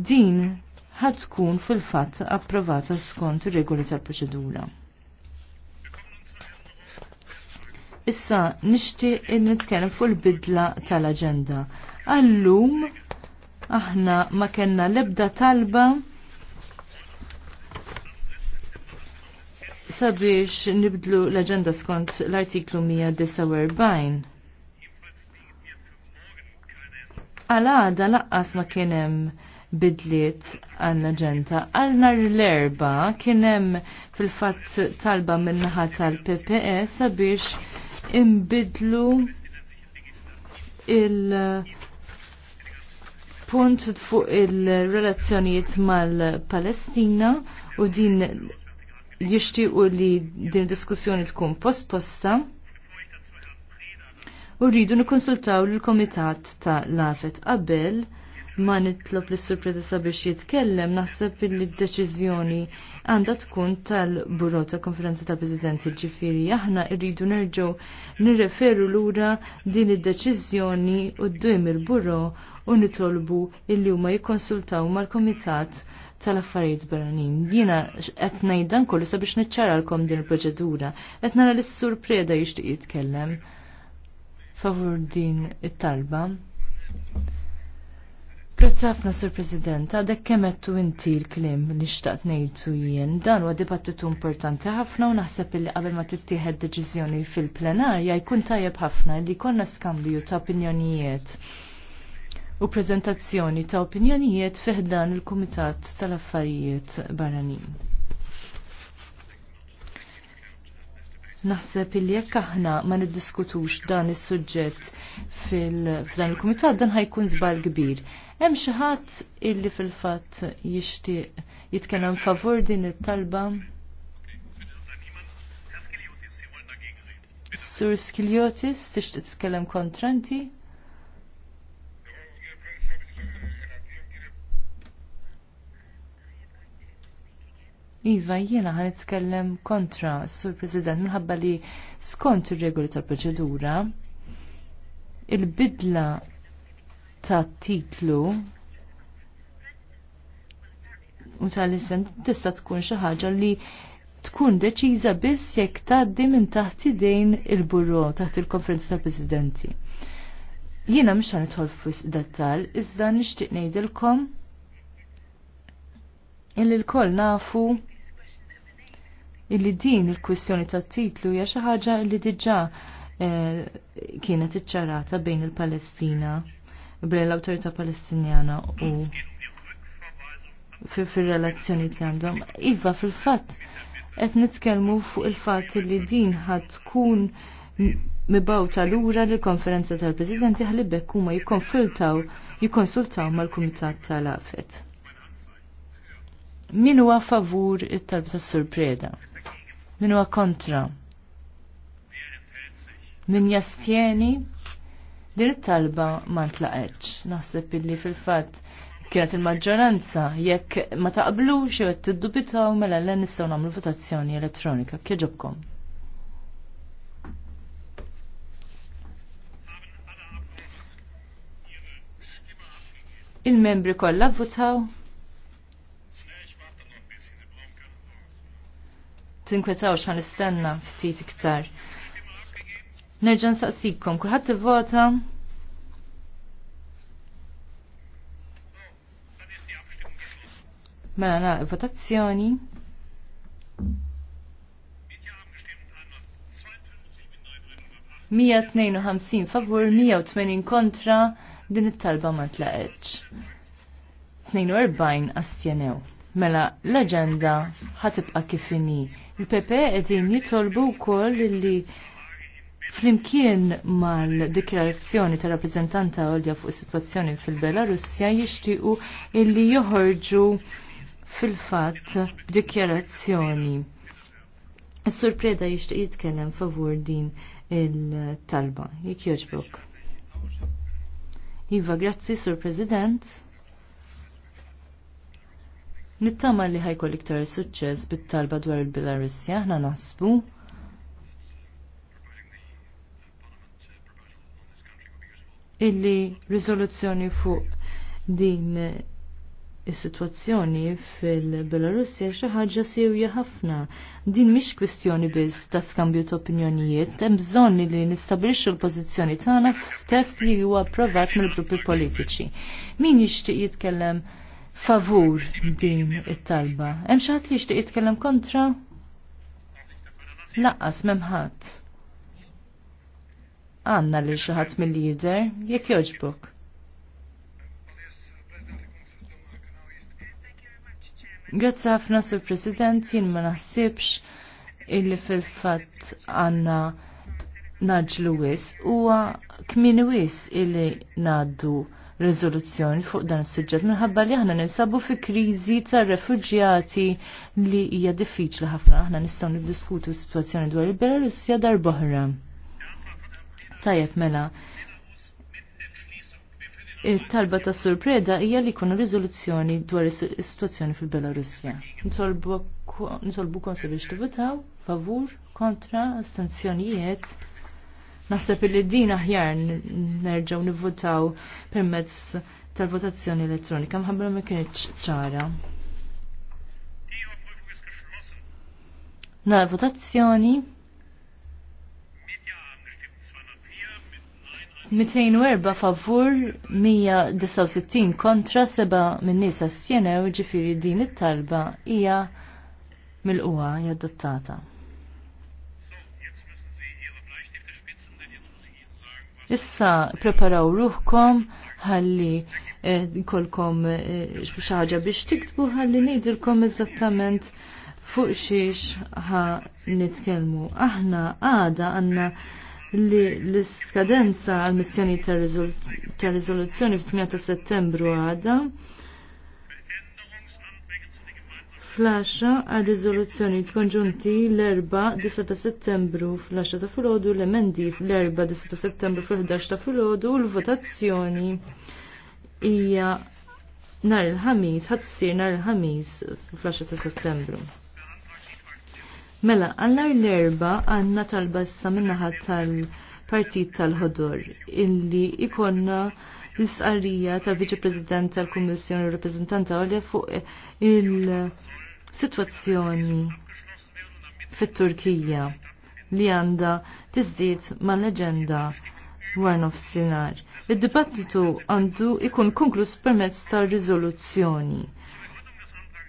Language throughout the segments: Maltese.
din ħad tkun fil-fatt approvata skont ir-regoli tal-proċedura. Issa nixtieq nitkellem fuq il-bidla tal-aġenda. Allum aħna ma kellna l-ebda talba sabiex nibdlu l aġenda skont l-artiklu 149. Għala għada laqqas ma kienem bidliet għall-aġenda. Għal nar l-erba kienem fil-fatt talba minnaħa tal-PPE sabiex imbidlu il- punt fuq il-relazzjonijiet mal-Palestina u din jixtiequ li din diskussjoni tkun posposta u rridu nikkonsultaw l-Komitat ta' Lafet qabel ma nitlob li s-surpreta biex jitkellem, naħseb li d-deċizjoni għanda tkun tal-buro ta' konferenza ta' prezidenti ġifiri. Aħna irridu nerġaw nirreferu lura din id-deċizjoni u d dujem il-buro u nitolbu illi huma jikkonsultaw mal-komitat tal-affarijiet barranin. Jiena qed ngħidan kollu sabiex niċċaralkom din il-proċedura. Qed nara li s-surpreda jixtieq jitkellem favur din it-talba. Grazzi ħafna Sur President, għadek kemettu inti l-klim li xtaqt nejtu jien. Dan huwa dibattitu importanti ħafna u naħseb li qabel ma tittieħed deċiżjoni fil-plenarja jkun tajjeb ħafna li konna skambju ta' opinjonijiet u prezentazzjoni ta' opinjonijiet fiħdan il-Kumitat tal-Affarijiet Barranin. Naħseb illi jekk aħna ma niddiskutux dan is-suġġett f'dan il-kumitat dan ħajkun żball kbir. Hemm xi ħadd illi fil-fatt jixtieq jitkellem favur din it-talba. Sur Skiliotis tixtieq titkellem kontranti? Iva, jiena għan itkellem kontra, Sur President, minħabba li skont ir-regoli tal-proċedura, il-bidla ta' titlu u tal-isem tista' tkun xi ħaġa li tkun deċiża biss jekk tgħaddi minn taħt idejn il-burro taħt il-konferenza tal-Presidenti. Jiena mhux ħan idħol dettal, iżda nixtieq ngħidilkom illi l-koll nafu illi din il-kwistjoni tat-titlu hija xi ħaġa li diġà eh, kienet iċċarata bejn il-Palestina bejn l-Awtorità Palestinjana u fir relazzjoni li għandhom. Iva fil-fatt qed nitkellmu fuq il-fatt li din ħad tkun mibawta lura li konferenza tal-Presidenti ħalibek huma jikkonfiltaw jikkonsultaw mal-Kumitat tal-Afet. Min huwa favur it-talb tas-surpreda? Min huwa kontra? Min jastjeni? Din it-talba ma ntlaqetx. Naħseb illi fil-fatt kienet il-maġġoranza jekk ma taqblux jew qed tiddubitaw mela l nistgħu nagħmlu votazzjoni elettronika. Kieġobkom. Il-membri kollha votaw? tinkwetawx xan istenna ftit iktar. Nerġan saqsikom, kullħat t-vota? Mela na, votazzjoni. Mija 152 favur, 180 kontra, din it-talba ma tlaqetx. 42 astjenew. Mela, l-agenda ħatibqa kifini. Il-PP edin jitolbu wkoll li flimkien mal-dikjarazzjoni ta' rappreżentanta għolja fuq is-sitwazzjoni fil-Belarusja jixtiequ illi joħorġu fil-fatt b'dikjarazzjoni. Is-sur Preda jitkellem favur din il-talba. Jekk jogħġbok. Iva, grazzi, Sur President. Nittama li ħajkol iktar suċċess bit-talba dwar il-Belarusja, ħna nasbu illi rizoluzzjoni fuq din is-sitwazzjoni fil-Belarusja xi ħaġa sewja ħafna. Din mhix kwistjoni biss ta' skambju ta' opinjonijiet, hemm bżonn li nistabilixxu l-pożizzjoni tagħna f'test li huwa approvat mill-gruppi politiċi. Min jixtieq jitkellem favur din it-talba. Hemm xi ħadd li jixtieq jitkellem kontra? Laqqas memħat. Għanna li xi ħadd mill-lider jekk jogħġbok. Grazzi ħafna sur President, jien ma naħsibx illi fil-fatt għanna naġlu wis huwa kmin wis illi ngħaddu rezoluzzjoni fuq dan is-suġġett minħabba li aħna ninsabu fi kriżi tar-refuġjati li hija diffiċli ħafna aħna nistgħu niddiskutu s-sitwazzjoni dwar il-Belarusja darb'oħra. Tajjeb mela, il-talba ta' surpreda hija li jkunu riżoluzzjoni dwar is-sitwazzjoni fil-Belarusja. Nsolbu konsa biex tivutaw, favur, kontra, astenzjonijiet Naħseb li din aħjar nerġgħu nivvotaw permezz tal-votazzjoni elettronika mħabbra ma kienx ċara. Na votazzjoni 204 favur, 169 kontra, seba minn nisa stjenew ġifiri din it-talba hija mil-uwa jaddottata. Issa preparaw ruhkom ħalli eh, kolkom eh, xaħġa biex tiktbu ħalli nidirkom eżattament fuq xiex ħa nitkelmu. Aħna għada għanna li l-skadenza għal-missjoni ta' rizoluzzjoni fit ta' settembru għada flasha għal riżoluzzjoni konġunti l-4 9 ta' settembru fl-10 ta' filodu l-emendi l-4 ta' settembru fl-11 ta' filodu l-votazzjoni hija nhar il-ħamis ħadd issir nhar il-ħamis fl-10 ta' settembru. Mela, għallar l-erba għanna talba issa minnaħat tal-partit tal-ħodur illi ikonna l isqarija tal-Viċi President tal-Kummissjoni Rappresentanta għalja fuq il- situazzjoni fit-Turkija li għanda tiżdied mal-leġenda war nofsinhar. Id-dibattitu għandu ikun konkluż permezz ta' riżoluzzjoni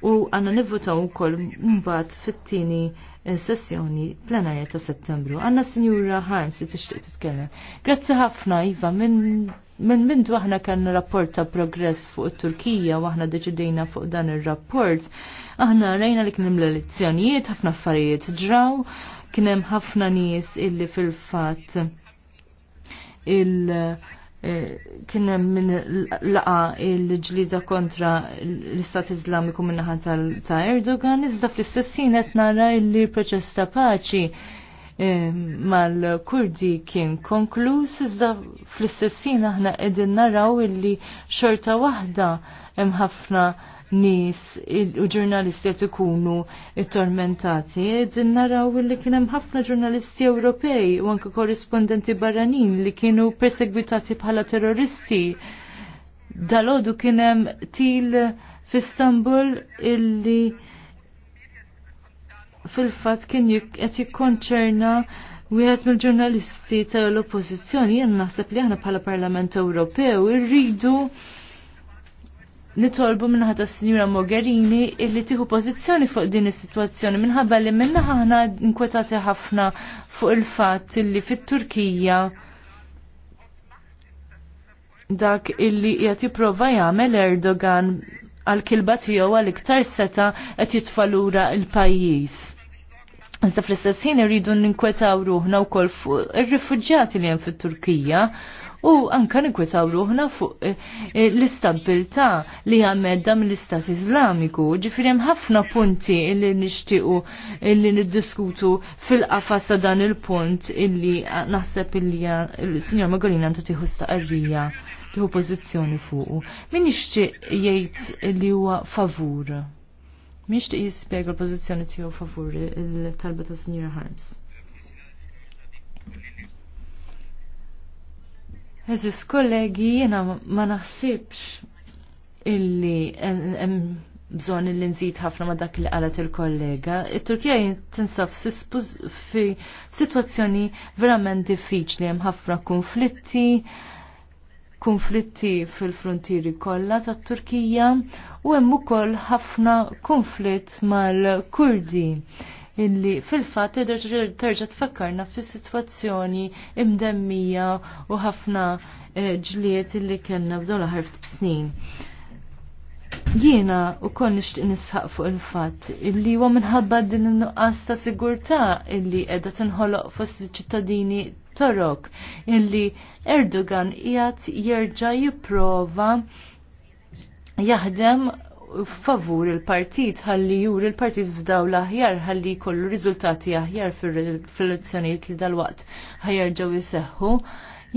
u għanna nivvotaw ukoll mbagħad fit-tieni sessjoni plenarja ta' settembru. Għanna Sinjura Harms li tixtieq titkellem. Grazzi ħafna Iva minn Minn mintu aħna kanna rapport ta' progress fuq it-Turkija u aħna deċidejna fuq dan ir-rapport, aħna rajna li kien l-elezzjonijiet, ħafna affarijiet ġraw, kien hemm ħafna nies illi fil-fatt il- Eh, kienem min laqa il-ġlida kontra l-Istat Islamiku minnaħa ta' Erdogan, iżda fl-istessin qed nara li proċess ta' paċi mal-Kurdi kien konkluż iżda fl-istessin aħna qegħdin naraw illi xorta waħda hemm ħafna nies u ġurnalisti qed ikunu tormentati. Qegħdin naraw illi kien hemm ħafna ġurnalisti Ewropej u anke korrispondenti barranin li kienu persegwitati bħala terroristi. Dalodu kien hemm til f'Istanbul illi fil-fat kien qed jikkonċerna Wieħed mill-ġurnalisti tal-oppożizzjoni jien naħseb li aħna bħala Parlament Ewropew irridu nitolbu minnaħa ta' Sinjura Mogherini illi tieħu pożizzjoni fuq din is-sitwazzjoni minħabba li minnaħa aħna nkwetati ħafna fuq il-fatt illi fit-Turkija dak illi qed jipprova jagħmel Erdogan għal kilba tiegħu għal iktar seta qed jitfalura l-pajjiż. Iżda fl-istess ħin irridu ninkwetaw ruħna wkoll fuq ir-rifuġġjati li hemm fit-Turkija u anka ninkwetaw ruħna fuq eh, eh, l-istabilta li għamedda mill-Istat Islamiku. Ġifieri hemm ħafna punti li nixtiequ eh, li niddiskutu fil-qafas ta' dan il-punt illi naħseb illi sinjor Magolina għandu tieħu staqarrija tieħu pożizzjoni fuq. Min jixtieq jgħid li huwa favur? Mixtieq jispjega l-pożizzjoni tiegħu favur il-talba ta' Sinjura Harms. Eżis kollegi, jena ma naħsibx illi hemm bżon illi nżid ħafna ma dak li qalet il-kollega. It-Turkija tinsab fi situazzjoni verament diffiċli hemm ħafna konflitti konflitti fil-frontieri kollha tat-Turkija u hemm ukoll ħafna konflitt mal-Kurdi illi fil-fatt terġa' tfakkarna fis-sitwazzjoni imdemmija u ħafna eh, ġlied illi kellna f'dawn l-aħħar ftit snin. Jiena u koll nixtieq nisħaq fuq il-fatt illi huwa minħabba din in-nuqqas ta' sigurtà illi qiegħda tinħoloq fost iċ-ċittadini torok illi Erdogan qiegħed jerġa' jipprova jaħdem favur il-partit ħalli jur il-partit f'daw l-aħjar ħalli jkollu riżultati aħjar fil-elezzjonijiet li dal-waqt ħajerġaw jiseħħu.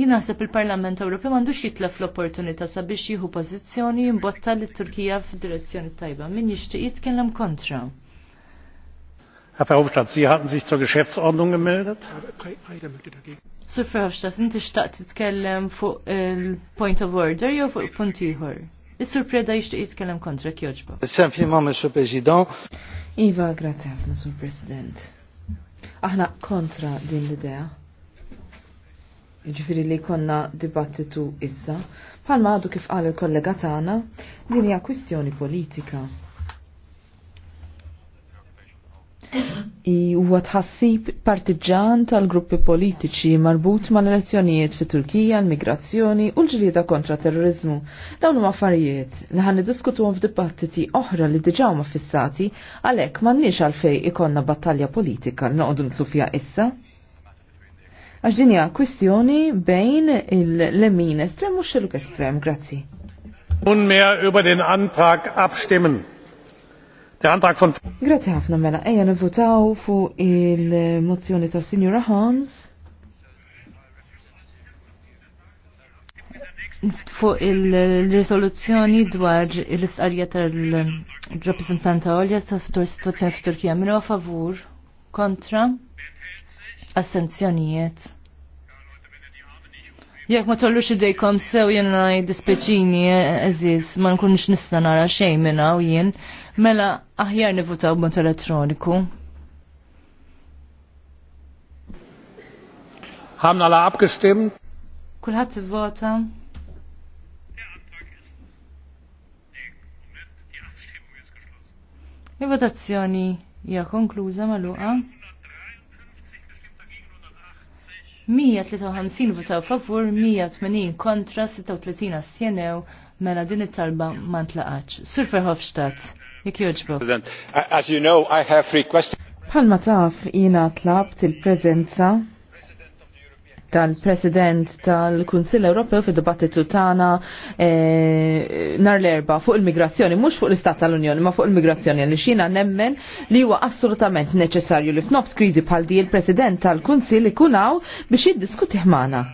Jinaħseb il-Parlament Ewropew m'għandux jitlef l-opportunità sabiex jieħu pożizzjoni jimbotta lit turkija f'direzzjoni tajba. Min jixtieq jitkellem kontra? Herr Verhofstadt, Sie hatten sich zur Geschäftsordnung gemeldet. Sir Verhofstadt, inti xtaqt titkellem fuq il-point of order jew fuq il-punt ieħor. Is-Sur Preda jixtieq jitkellem kontra kjoġba. Simplement, Monsieur President. Iva, grazie ħafna, Sur President. Aħna kontra din l-idea. Ġifiri li konna dibattitu issa. Palma għadu kif qal il-kollega tagħna, din hija kwistjoni politika huwa tħassib partiġan tal-gruppi politiċi marbut mal-elezzjonijiet fi Turkija, l-migrazzjoni u l-ġlieda kontra terrorizmu. Dawn huma affarijiet li ħan niddiskutuhom f'dibattiti oħra li diġà huma fissati għalhekk m'għandniex għalfej ikonna battalja politika li noqogħdu nitlu fiha issa. Għax din hija kwistjoni bejn il-lemin estrem u x-xeluk estrem, grazzi. Nunmehr über den Antrag abstimmen. Grazie ħafna mela, eja nivvotaw fuq il-mozzjoni ta' Signora Hans. Fuq il-risoluzzjoni dwar l-istqarja tal-rappresentanta Olja ta' futur situazzjoni f'Turkija, minu a favur, kontra, astenzjonijiet. Jekk ma tollux idejkom sew jena dispeċini e, eżis, ma nkunx nista nara xejn minna u jien, mela aħjar nivutaw b'mod elettroniku. Haben alle abgestimmt? Kulħadd vota Il-votazzjoni hija konkluża magħluqa. 153 votaw favur, 180 kontra, 36 astjenew, mela din it-talba ma tlaqax. Sur Verhofstadt, jek joġbu. As you know, I have requested. Palma taf jina tlabt il-prezenza tal-President tal-Kunsill Ewropew fid dibattitu tagħna e, eh, nar l-erba fuq il-migrazzjoni, mhux fuq l-Istat tal-Unjoni, ma fuq il-migrazzjoni li xina nemmen li huwa assolutament neċessarju li f'nofs kriżi bħal di il-President tal-Kunsill ikun hawn biex jiddiskutih magħna.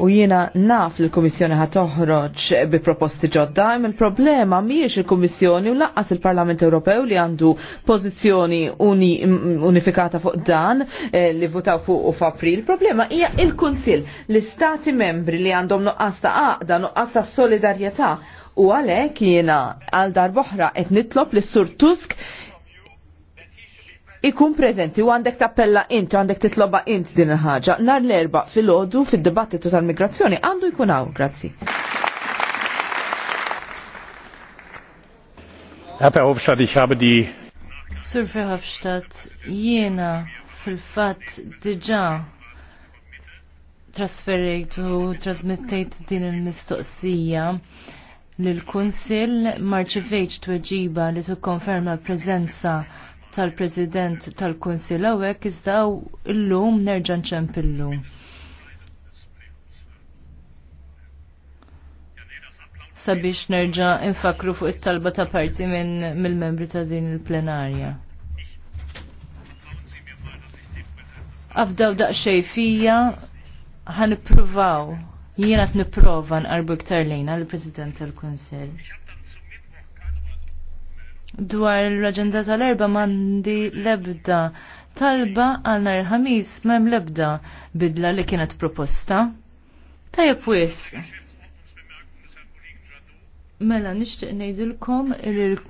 u jiena naf li l-Kummissjoni ħat toħroġ bi proposti ġodda, imma il-problema mhijiex il-Kummissjoni u laqqas il-Parlament Ewropew li għandu pożizzjoni uni, unifikata fuq dan eh, li votaw fuq u f'April. Il-problema hija il-Kunsill, l-Istati membri li għandhom nuqqas ta' għaqda, nuqqas ta' solidarjetà u għalhekk jiena għal darboħra qed nitlob lis sur Tusk ikun prezenti u għandek tappella int, għandek titloba int din il-ħaġa. Nar l-erba fil-ħodu fil-dibattitu tal-migrazzjoni għandu jkun għaw, grazzi. Għata Hofstadt, di xabdi. Surfi Sir jiena fil-fat diġa trasferejt u trasmettejt din il-mistoqsija lil-Kunsil marċivejċ tweġiba li tukkonferma l-prezenza tal-President tal-Kunsil għawek iżda illum nerġa' nċemp illum. Sabiex nerġa' infakru fuq it-talba ta' parti minn mill-membri ta' din il-plenarja. Afdaw daqsxej fija ħanippruvaw jiena t-niprofa nqarbu iktar lejna l-President tal-Kunsell dwar l-agenda tal-erba mandi lebda talba għal nar ħamis mem lebda bidla li kienet proposta. Tajab wis. Mela nishtiq nejdilkom il